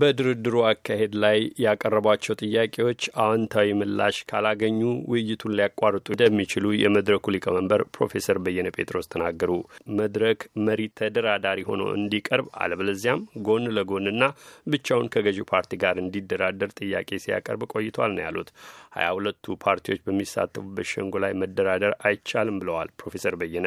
በድርድሩ አካሄድ ላይ ያቀረቧቸው ጥያቄዎች አዎንታዊ ምላሽ ካላገኙ ውይይቱን ሊያቋርጡ እንደሚችሉ የመድረኩ ሊቀመንበር ፕሮፌሰር በየነ ጴጥሮስ ተናገሩ። መድረክ መሪ ተደራዳሪ ሆኖ እንዲቀርብ አለበለዚያም ጎን ለጎንና ብቻውን ከገዢው ፓርቲ ጋር እንዲደራደር ጥያቄ ሲያቀርብ ቆይቷል ነው ያሉት። ሀያ ሁለቱ ፓርቲዎች በሚሳተፉበት ሸንጎ ላይ መደራደር አይቻልም ብለዋል ፕሮፌሰር በየነ።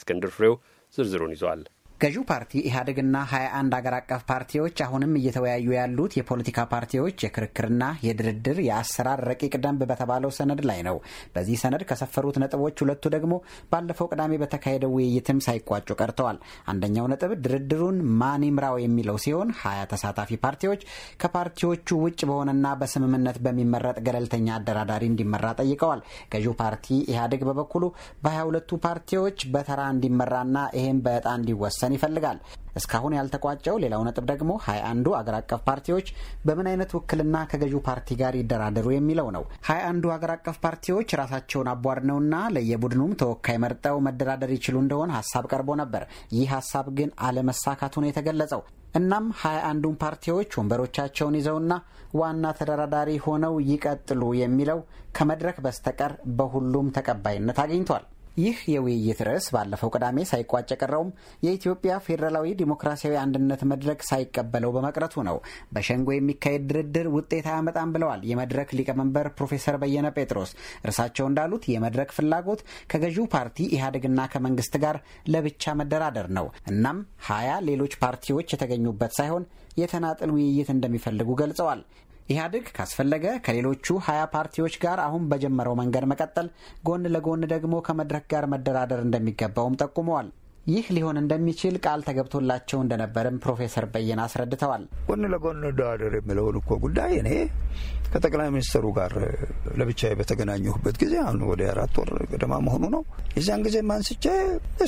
እስክንድር ፍሬው ዝርዝሩን ይዟል። ገዢው ፓርቲ ኢህአዴግና 21 አገር አቀፍ ፓርቲዎች አሁንም እየተወያዩ ያሉት የፖለቲካ ፓርቲዎች የክርክርና የድርድር የአሰራር ረቂቅ ደንብ በተባለው ሰነድ ላይ ነው። በዚህ ሰነድ ከሰፈሩት ነጥቦች ሁለቱ ደግሞ ባለፈው ቅዳሜ በተካሄደው ውይይትም ሳይቋጩ ቀርተዋል። አንደኛው ነጥብ ድርድሩን ማን ይምራው የሚለው ሲሆን ሀያ ተሳታፊ ፓርቲዎች ከፓርቲዎቹ ውጭ በሆነና በስምምነት በሚመረጥ ገለልተኛ አደራዳሪ እንዲመራ ጠይቀዋል። ገዢው ፓርቲ ኢህአዴግ በበኩሉ በሀያ ሁለቱ ፓርቲዎች በተራ እንዲመራና ይህም በእጣ እንዲወሰን እንዲፈጠን ይፈልጋል። እስካሁን ያልተቋጨው ሌላው ነጥብ ደግሞ ሀያ አንዱ አገር አቀፍ ፓርቲዎች በምን አይነት ውክልና ከገዢው ፓርቲ ጋር ይደራደሩ የሚለው ነው። ሀያ አንዱ አገር አቀፍ ፓርቲዎች ራሳቸውን አቧድነውና ለየቡድኑም ተወካይ መርጠው መደራደር ይችሉ እንደሆነ ሀሳብ ቀርቦ ነበር። ይህ ሀሳብ ግን አለመሳካቱ ነው የተገለጸው። እናም ሀያ አንዱን ፓርቲዎች ወንበሮቻቸውን ይዘውና ዋና ተደራዳሪ ሆነው ይቀጥሉ የሚለው ከመድረክ በስተቀር በሁሉም ተቀባይነት አግኝቷል። ይህ የውይይት ርዕስ ባለፈው ቅዳሜ ሳይቋጭ የቀረውም የኢትዮጵያ ፌዴራላዊ ዲሞክራሲያዊ አንድነት መድረክ ሳይቀበለው በመቅረቱ ነው። በሸንጎ የሚካሄድ ድርድር ውጤት አያመጣም ብለዋል የመድረክ ሊቀመንበር ፕሮፌሰር በየነ ጴጥሮስ። እርሳቸው እንዳሉት የመድረክ ፍላጎት ከገዢው ፓርቲ ኢህአዴግና ከመንግስት ጋር ለብቻ መደራደር ነው። እናም ሀያ ሌሎች ፓርቲዎች የተገኙበት ሳይሆን የተናጥል ውይይት እንደሚፈልጉ ገልጸዋል። ኢህአዴግ ካስፈለገ ከሌሎቹ ሀያ ፓርቲዎች ጋር አሁን በጀመረው መንገድ መቀጠል፣ ጎን ለጎን ደግሞ ከመድረክ ጋር መደራደር እንደሚገባውም ጠቁመዋል። ይህ ሊሆን እንደሚችል ቃል ተገብቶላቸው እንደነበርም ፕሮፌሰር በየነ አስረድተዋል። ጎን ለጎን መደራደር የሚለውን እኮ ጉዳይ እኔ ከጠቅላይ ሚኒስትሩ ጋር ለብቻ በተገናኘሁበት ጊዜ አሁን ወደ አራት ወር ገደማ መሆኑ ነው። የዚያን ጊዜ ማንስቼ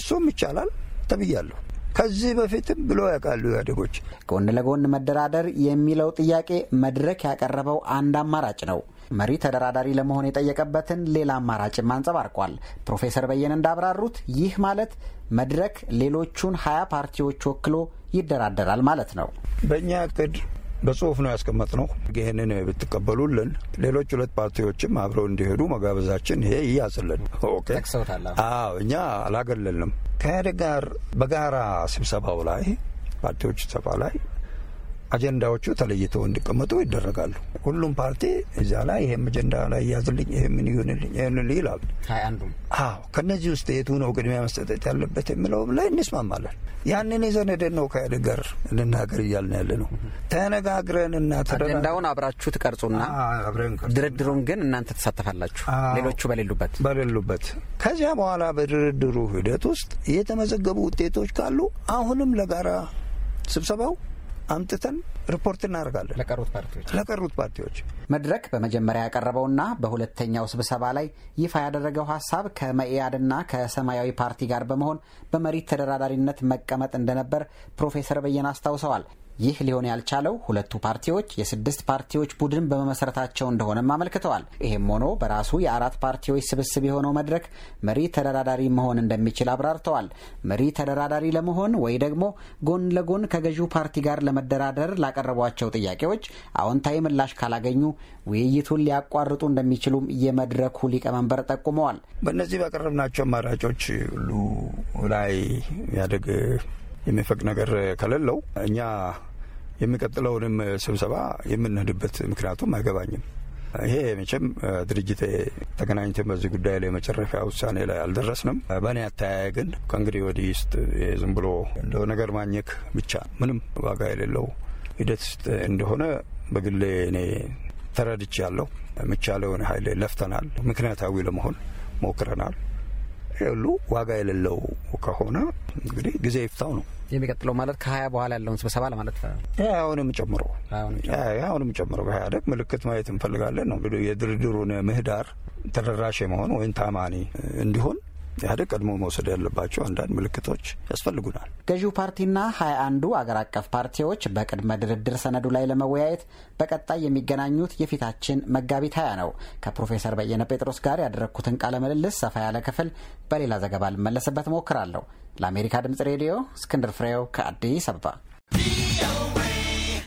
እሱም ይቻላል ተብያለሁ። ከዚህ በፊትም ብሎ ያውቃሉ ኢህአዴጎች። ጎን ለጎን መደራደር የሚለው ጥያቄ መድረክ ያቀረበው አንድ አማራጭ ነው። መሪ ተደራዳሪ ለመሆን የጠየቀበትን ሌላ አማራጭም አንጸባርቋል። ፕሮፌሰር በየነ እንዳብራሩት ይህ ማለት መድረክ ሌሎቹን ሀያ ፓርቲዎች ወክሎ ይደራደራል ማለት ነው። በእኛ እቅድ በጽሁፍ ነው ያስቀመጥነው። ይህንን ብትቀበሉልን ሌሎች ሁለት ፓርቲዎችም አብረው እንዲሄዱ መጋበዛችን ይሄ ይያዝልን። አዎ እኛ አላገለልንም። ከኢህአዴግ ጋር በጋራ ስብሰባው ላይ ፓርቲዎች ስብሰባ ላይ አጀንዳዎቹ ተለይተው እንዲቀመጡ ይደረጋሉ። ሁሉም ፓርቲ እዛ ላይ ይሄም አጀንዳ ላይ ያዝልኝ፣ ይሄምን ይሁንልኝ፣ ይህንል ይላል። አዎ ከነዚህ ውስጥ የቱ ነው ቅድሚያ መስጠት ያለበት የሚለውም ላይ እንስማማለን። ያንን ይዘን ሄደን ነው ከኢህአዴግ ጋር እንናገር እያልን ያለ ነው። ተነጋግረን እና አጀንዳውን አብራችሁ ትቀርጹና ድርድሩን ግን እናንተ ትሳተፋላችሁ ሌሎቹ በሌሉበት በሌሉበት። ከዚያ በኋላ በድርድሩ ሂደት ውስጥ የተመዘገቡ ውጤቶች ካሉ አሁንም ለጋራ ስብሰባው አምጥተን ሪፖርት እናደርጋለን ለቀሩት ፓርቲዎች ለቀሩት ፓርቲዎች። መድረክ በመጀመሪያ ያቀረበውና በሁለተኛው ስብሰባ ላይ ይፋ ያደረገው ሀሳብ ከመኢአድና ከሰማያዊ ፓርቲ ጋር በመሆን በመሪት ተደራዳሪነት መቀመጥ እንደነበር ፕሮፌሰር በየን አስታውሰዋል። ይህ ሊሆን ያልቻለው ሁለቱ ፓርቲዎች የስድስት ፓርቲዎች ቡድን በመመሰረታቸው እንደሆነም አመልክተዋል። ይህም ሆኖ በራሱ የአራት ፓርቲዎች ስብስብ የሆነው መድረክ መሪ ተደራዳሪ መሆን እንደሚችል አብራርተዋል። መሪ ተደራዳሪ ለመሆን ወይ ደግሞ ጎን ለጎን ከገዢው ፓርቲ ጋር ለመደራደር ላቀረቧቸው ጥያቄዎች አዎንታዊ ምላሽ ካላገኙ ውይይቱን ሊያቋርጡ እንደሚችሉም የመድረኩ ሊቀመንበር ጠቁመዋል። በእነዚህ ባቀረብናቸው አማራጮች ሁሉ ላይ ያደግ የሚፈቅ ነገር ከሌለው እኛ የሚቀጥለውንም ስብሰባ የምንሄድበት ምክንያቱም አይገባኝም። ይሄ መቼም ድርጅት ተገናኝተን በዚህ ጉዳይ ላይ መጨረሻ ውሳኔ ላይ አልደረስንም። በእኔ አተያየ ግን ከእንግዲህ ወዲህ ውስጥ ዝም ብሎ እንደ ነገር ማኘክ ብቻ ምንም ዋጋ የሌለው ሂደት ውስጥ እንደሆነ በግሌ እኔ ተረድች ያለው ምቻለ የሆነ ሀይል ለፍተናል። ምክንያታዊ ለመሆን ሞክረናል። ሁሉ ዋጋ የሌለው ከሆነ እንግዲህ ጊዜ ይፍታው ነው። የሚቀጥለው ማለት ከሀያ በኋላ ያለውን ስብሰባ ለማለት አሁንም ጨምሮ አሁንም ጨምሮ ከኢህአዴግ ምልክት ማየት እንፈልጋለን ነው የድርድሩን ምህዳር ተደራሽ መሆን ወይም ታማኒ እንዲሆን ኢህአዴግ ቀድሞ መውሰድ ያለባቸው አንዳንድ ምልክቶች ያስፈልጉናል። ገዢው ፓርቲና ሀያ አንዱ አገር አቀፍ ፓርቲዎች በቅድመ ድርድር ሰነዱ ላይ ለመወያየት በቀጣይ የሚገናኙት የፊታችን መጋቢት ሀያ ነው። ከፕሮፌሰር በየነ ጴጥሮስ ጋር ያደረግኩትን ቃለ ምልልስ ሰፋ ያለ ክፍል በሌላ ዘገባ ልመለስበት ሞክራለሁ። ለአሜሪካ ድምጽ ሬዲዮ እስክንድር ፍሬው ከአዲስ አበባ